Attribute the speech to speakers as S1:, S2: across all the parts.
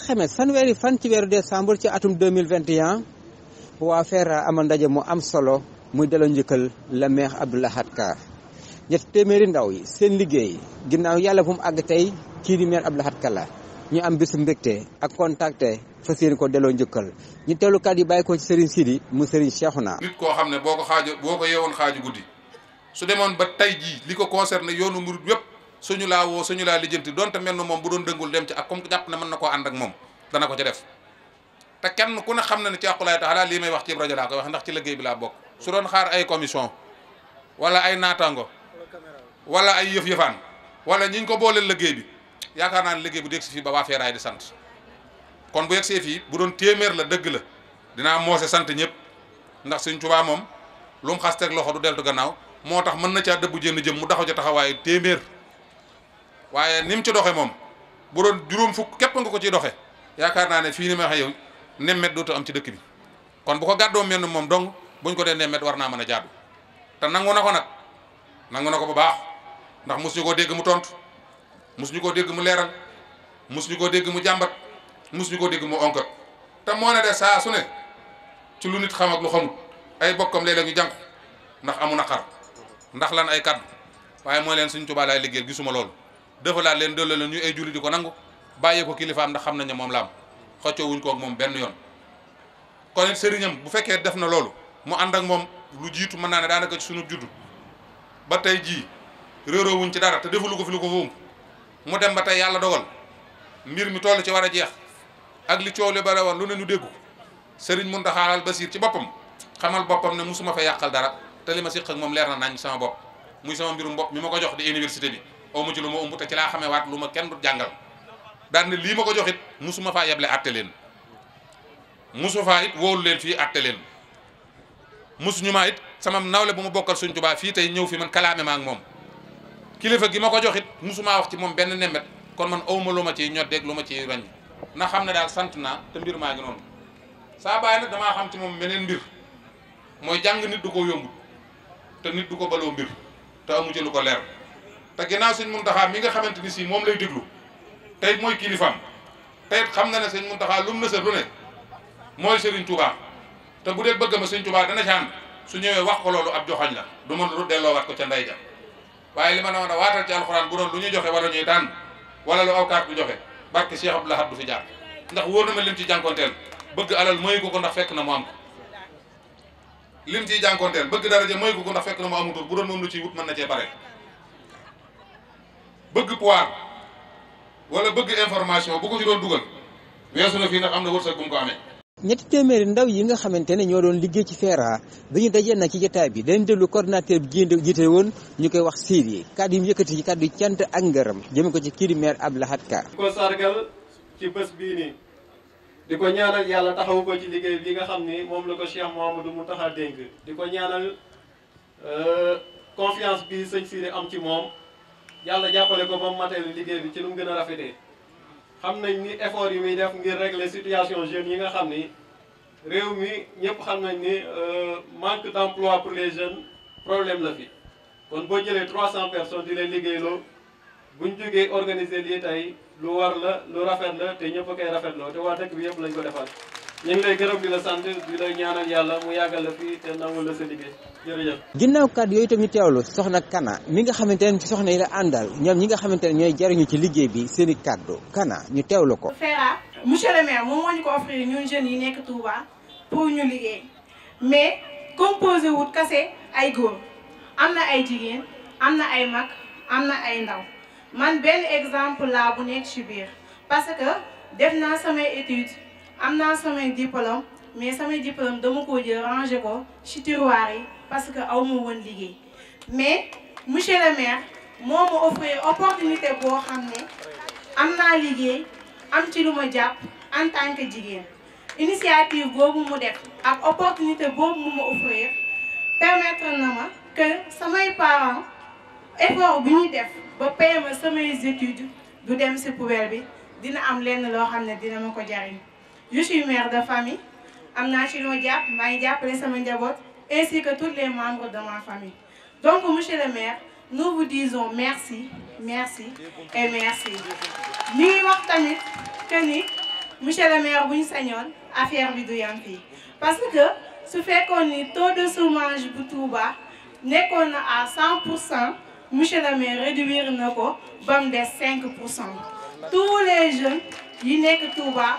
S1: alxames fanweeri fan ci weeru décembre ci atum 2021 waa FERA amal ndaje mu am solo muy delloo njëkkal la maire Abdou Lahad Ka ñett téeméeri ndaw yi seen liggéey ginnaaw yàlla bu mu àgg tey kii di maire Abdou Lahad Ka la ñu am bisu mbégte ak contacté fas yéene ko delloo njëkkal ñu teewlukat yi bàyyi ko ci Serigne Sidi mu Serigne Cheikhouna. nit
S2: koo xam ne boo ko xaaju boo ko yeewoon xaaju guddi su demoon ba tey jii li ko concerné yoonu murid yëpp suñu laa woo suñu laa lijjanti donte mel na moom bu doon dëngul dem ci ak comme jàpp na mën na koo ànd ak moom dana ko ci def te kenn ku ne xam na ne ci aqulaay taala lii may wax ci rajo laa koy wax ndax ci liggéey bi laa bokk su doon xaar wala ay naataango wala ay yëf-yëfaan wala ñi ko booleel liggéey bi yaakaar naa ne liggéey bu dégg si fii ba waa feeraay di sant kon bu yegsee fii bu doon téeméer la dëgg la dinaa moose sant ñëpp ndax suñ tubaa moom lu mu xas teg loxo du deltu gannaaw moo tax mën na caa dëbb jënd jëm mu taxaw ca taxawaayu téeméer waaye ni mu ci doxe moom bu doon juróom fukk képp nga ko ciy doxe yaakaar naa ne fii ni ma waxee yow nemmet dootu am ci dëkk bi kon bu ko gàddoo mel moom dong buñ ko dee nemmet war naa mën a jaadu te nangu na ko nag nangu na ko bu baax ndax mos ñu koo dégg mu tontu mos ñu koo dégg mu leeral mos ñu koo dégg mu jàmbat mos ñu koo dégg mu onkat te moo ne de saa su ne ci lu nit xam ak lu xamut ay bokkam léeg-léeg ñu jànku ndax amu xar ndax lan ay kaddu waaye mooy leen suñ Tuubaa laay liggéeyal gisuma loolu defalaat leen delloo leen ñu ay julli di ko nangu bàyyee ko kilifaam ndax xam nañ ne moom la am xëccoo wuñ koog moom benn yoon. kon sëriñam bu fekkee def na loolu mu ànd ak moom lu jiitu mën naa ne daanaka ci sunu juddu ba tey jii réeroo wuñ ci dara te defalu ko fi lu ko wóom mu dem ba tey yàlla dogal mbir mi toll ci war a jeex ak li coow li bare woon lu ne nu dégg ko mun Mountakha Al Basiir ci boppam xamal boppam ne musuma fa yàqal dara te li ma siq moom leer na nañ sama bopp muy sama mbirum bopp mi ma ko jox di université bi. awma ci lu ma umb te ci laa xamee waat lu ma kenn du jàngal daan ne lii ma ko joxit musuma faa yeble atte leen musu faa it wóolu leen fii atte leen musu ñu maa it sama nawle bu ma bokkal suñ tubaa fii tey ñëw fi man kalaame ma moom kilifa gi ma ko joxit musumaa wax ci moom benn nemmet kon man awma lu ma ciy ñoddeeg lu ma ciy bañ na xam ne daal sant naa te mbir maa ngi noonu saa bàyyi nag damaa xam ci moom meneen mbir mooy jàng nit du ko yombut te nit du ko baloo mbir te amu ci ko leer te ginnaaw sëñ Muntaxa mi nga xamante ni si moom lay déglu tey mooy kilifaam tey xam na ne sëñ Muntaxa lu mu nësër lu ne mooy Serigne Touba te bu dee bëgg ma sëñ Touba dana ci ànd su ñëwee wax ko loolu ab joxoñ la du mën lu delloowaat ko ca ndey ja waaye li ma ne woon a waatal ci alxuraan bu doon lu ñuy joxe wala ñuy tànn wala lu aw kaat bu joxe barke Cheikh Abdou Lahad du fi jaar ndax wóor na ma lim ci jànkonteel bëgg alal mooy ko ko ndax fekk na mu am ko lim ciy bëgg daraja mooy ko ko na mu amutul bu doon moom lu na cee bare bëgg pouvoir wala bëgg information bu ko ci doon dugal weesu na fii ndax am na wërsëg bu mu ko amee.
S1: ñetti téeméeri ndaw yi nga xamante ne ñoo doon liggéey ci FERA bi ñu dajee nag ci jotaay bi dañ déglu coordinateur bi génn jiite woon ñu koy wax Sidi kàddu yi mu yëkkati ci kàddu cant ak ngërëm jëme ko ci kii ab maire Abdou Lahad Ka
S3: ko sargal ci bés bii nii di ko ñaanal yàlla taxawu ko ci liggéey bi nga xam ni moom la ko Cheikh Mouhamadou mu tax dénk di ko ñaanal euh, confiance am ci moom yàlla jàppale ko ba mu matale liggéey bi ci nu mu gën a rafetee xam nañ ni effort yi muy def ngir régler situation jeunes yi nga xam ni réew mi ñëpp xam nañ ni euh, manque d'emploi pour les jeunes problème la fi kon boo jëlee trois 300 personnes di leen liggéeyloo ñu jógee organiser lii tey lu war la lu rafet la te ñëpp a koy noo te waa dëkk bi yëpp lañ ko defal. ñu ngi lay gërëm di la sant di la ñaanal yàlla la fii te nangul la sa liggéey jërëjëf.
S1: ginnaaw kàddu yooyu itam ñu teewlu soxna Kana mi nga xamante ne ci soxna yi la àndal ñoom ñi nga xamante ne ñooy jariñu ci liggéey bi seen i kàddu Kana ñu teewlu ko.
S4: monsieur le maire moom moo ñu ko offrir yi nekk Touba pour ñu liggéey mais composé wut kase ay góor am na ay jigéen am na ay mag am na ay ndaw man benn exemple laa bu nekk ci biir parce que def naa samay études. amna samay diplôme mais samay diplôme dama ko jël ranger ko ci tiroir yi parce que awmo won liguey mais monsieur le maire momo offrir opportunité bo xamné amna liguey am ci luma japp en tant que jigen initiative bobu mu def ak opportunité bobu mu ma offrir permettre na ma que samay parents effort bu ñuy def ba payer ma samay études du dem ci poubelle bi dina am lenn lo xamné dina mako jariñ je suis mère de famille Amna ci ainsi que tous les membres de ma famille donc monsieur le maire nous vous disons merci merci et merci Nous, avons wax que ni monsieur le maire Parce que ce affaire bi du parce que su qu'on est taux de chômage bu Touba nekkoon na à 100 M. monsieur le maire réduire nos coûts ba des 5 tous les jeunes que tout bas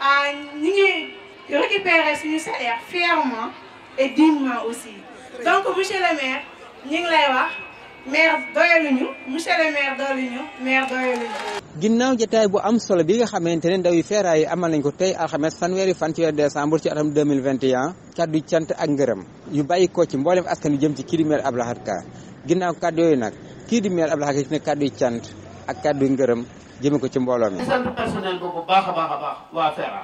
S4: ñu ngi récupérer suñu salaire fièrement et dignement aussi donc monsieur maire ñu ngi lay wax maire doyaluñu monsieur le maire doyaluñu maire doyaluñu.
S1: ginnaaw jotaay bu am solo bi nga xamante ne ndaw yi feeraa yi amal nañ ko tey alxames fanweeri fan ci weeru décembre ci atam 2021 kaddu cant ak ngërëm yu bàyyi ko ci mboolem askan yu jëm ci kii di maire Abdou Lahad Ka ginnaaw kaddu yooyu nag kii di maire Abdou Lahad Ka ci ne kaddu cant ak kàddu ngërëm jëme ko ci mbooloo mi. di sant
S3: personnel bi bu baax a baax a baax waa FERA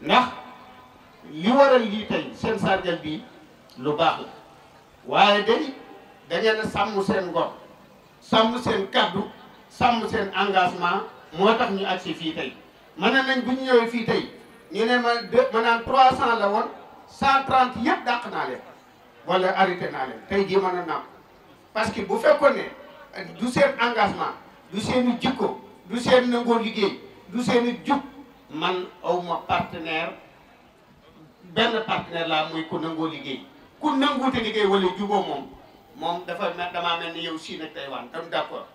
S3: ndax li waral lii tey seen sargal bi lu baax la waaye day da ngeen a sàmm seen ngor sàmm seen kàddu sàmm seen engagement moo tax ñu agsi fii tey mën nañ bu ñu ñëwee fii tey ñu ma de ma naan 300 la woon 130 yëpp dàq naa leen wala arrêté naa leen tey jii mën naam parce que bu fekkoon du seen engagement. du seeni jikko du seen nangoo liggéey du seeni jub man awma partenaire benn partenaire laa muy ku nangoo liggéey ku nanguute liggéey wala juboo moom moom dafa mel damaa mel ni yow Chine ak Taïwan tam d'accord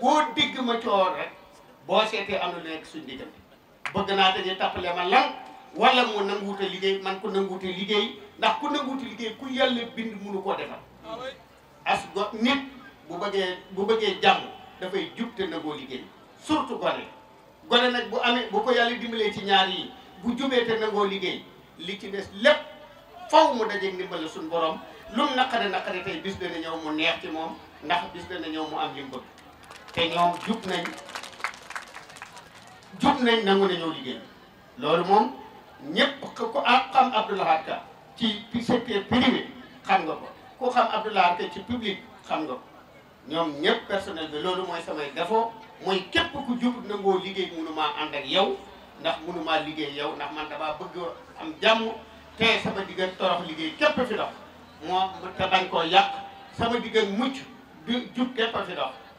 S3: koo digg ma coor rek boo seetee am na lu nekk suñ diggante bëgg naa dañuy tappale ma lan wala mu nanguute liggéey man ku nanguute liggéey ndax ku nanguute liggéey ku yàlla bind munu koo defal as nit bu bëggee bu bëggee jàmm dafay jub te nagoo liggéey surtout gone gone nag bu amee bu ko yàlla dimbalee ci ñaar yi bu jubee te nagoo liggéey li ci des lépp faw mu dajeeg ndimbal suñu borom lum naqare naqare tey bis dana ñëw mu neex ci moom ndax bis dana ñëw mu am li mu bëgg te ñoom jub nañ jub nañ nangu na liggéey loolu moom ñëpp ku xam Abdoulahat Ka ci secteur privé xam nga ko ku xam Abdoulahat ci public xam nga ko ñoom ñëpp personnel bi loolu mooy samay défaut mooy képp ku jub nangoo liggéey mënumaa ànd ak yow ndax mënumaa liggéey yow ndax man damaa bëgg am jàmm te sama diggan torox liggéey képp fi dox moo te bañ koo yàq sama diggan mucc du jub képp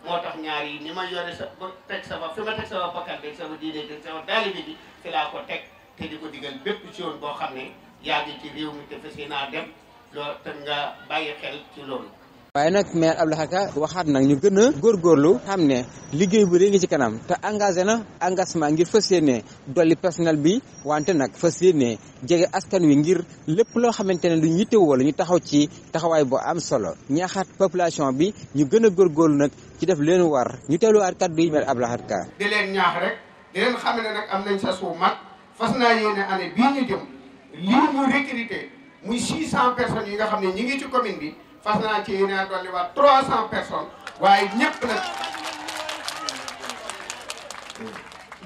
S3: moo tax ñaari yi ni ma yore sa ba teg sama fi ma teg sama bakkan bi sama diine bi sama taalibe bi fi laa ko teg te di ko digal bépp ci yoon boo xam ne yàgg
S1: ci réew mi te fas naa dem loolu te nga bàyyi xel ci loolu waaye nag maire Abdoulaye Khaka waxaat nag ñu gën a góorlu xam ne liggéey bu rëy ci kanam te engagé na engagement ngir fas yéene dolli personnel bi wante nag fas yéene jege askan wi ngir lépp loo xamante ne lu ñu yittewoo la ñu taxaw ci taxawaay bu am solo ñaxaat population bi ñu gën a góorlu nag ci def leen war ñu teeluwaat kàddu yi maire Abdoulaye Khaka
S3: di leen ñaax rek leen xam ne nag am nañ sa suuf mag naa yéene année bii ñu jëm lii ñu recruté fas naa ci yéene a dolli waat trois cent personnes waaye ñëpp nag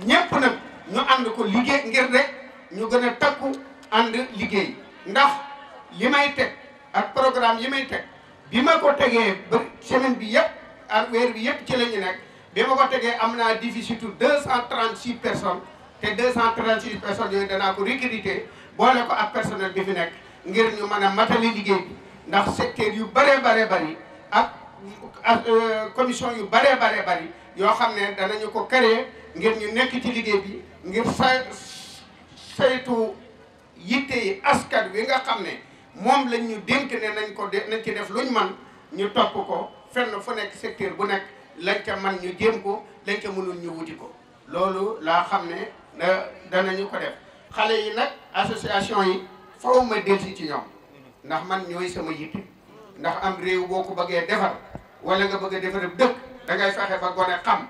S3: ñëpp nag ñu ànd ko liggéey ngir rek ñu gën a takku ànd liggéey ndax li may teg ak programme yi may teg bi ma ko tegee ba semaine bi yëpp ak weer bi yëpp ci la ñu nekk bi ma ko tegee am naa déficitu deux cent trente six personnes te deux cent trente six personnes yooyu danaa ko recruter boole ko ak personnel bi fi nekk ngir ñu mën a matali liggéey ndax secteur yu bëree bëree bari ak ak euh, commission yu bëree bëree bari yoo xam ne danañu ko créer ngir ñu nekk ci liggéey bi ngir sa saytu yitte yi askan wi nga xam ne moom lañ ñu dénk ne nañ ko de nañ ci def luñ man ñu topp ko fenn fu nekk secteur bu nekk lañ ca man ñu jéem ko lañ ca mënul ñu wuti ko loolu laa xam ne euh, dana ñu ko def xale yi nag association yi foo ma delsi ci ñoom ndax man ñooy sama yitte ndax am réew boo ko bëggee defar wala nga bëgg a defar dëkk da ngay fexe ba gone xam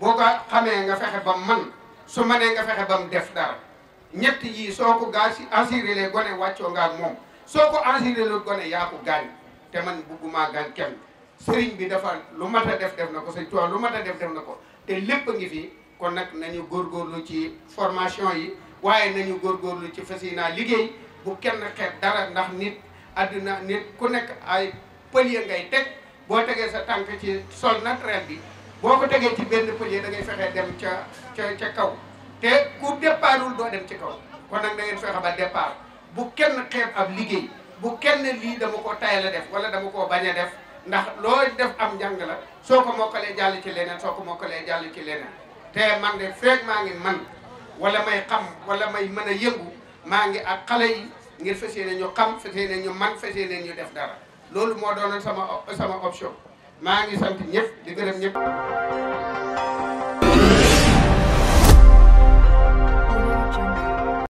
S3: boo ko xamee nga fexe ba man su manee nga fexe ba mu def dara ñetti yii soo ko gaa si assuré lee gone wàccoo nga ak moom soo ko assuré lu gone yaa ko gaañ te man bugguma gaañ kenn sëriñ bi dafa lu mat def def na ko sëñ Tuubaa lu mat a def def na ko te lépp ngi fii kon nag nañu góor góorgóorlu ci formation yi waaye nañu góorgóorlu ci fas yi naa liggéey bu kenn xeeb dara ndax nit àdduna nit ku nekk ay pëlier ngay teg boo tegee sa tànk ci sol naturel bi boo ko tegee ci benn pëlier da ngay fexee dem ca ca ca kaw te ku départul doo dem ci kaw kon nag da ngeen fexe ba départ bu kenn xeet ab liggéey bu kenn lii dama ko tayal a def wala dama koo bañ a def ndax loo def am njàng la soo ko mokkalee jàll ci leneen soo ko mokkalee jàll ci leneen te man de feeg maa ngi man wala may xam wala may mën a yëngu maa ngi ak xale yi ngir fas yéene ñu xam fas yéene ñu man fas yéene ñu def dara loolu moo doonoon sama sama option maa ngi sant ñëpp di gërëm ñëpp.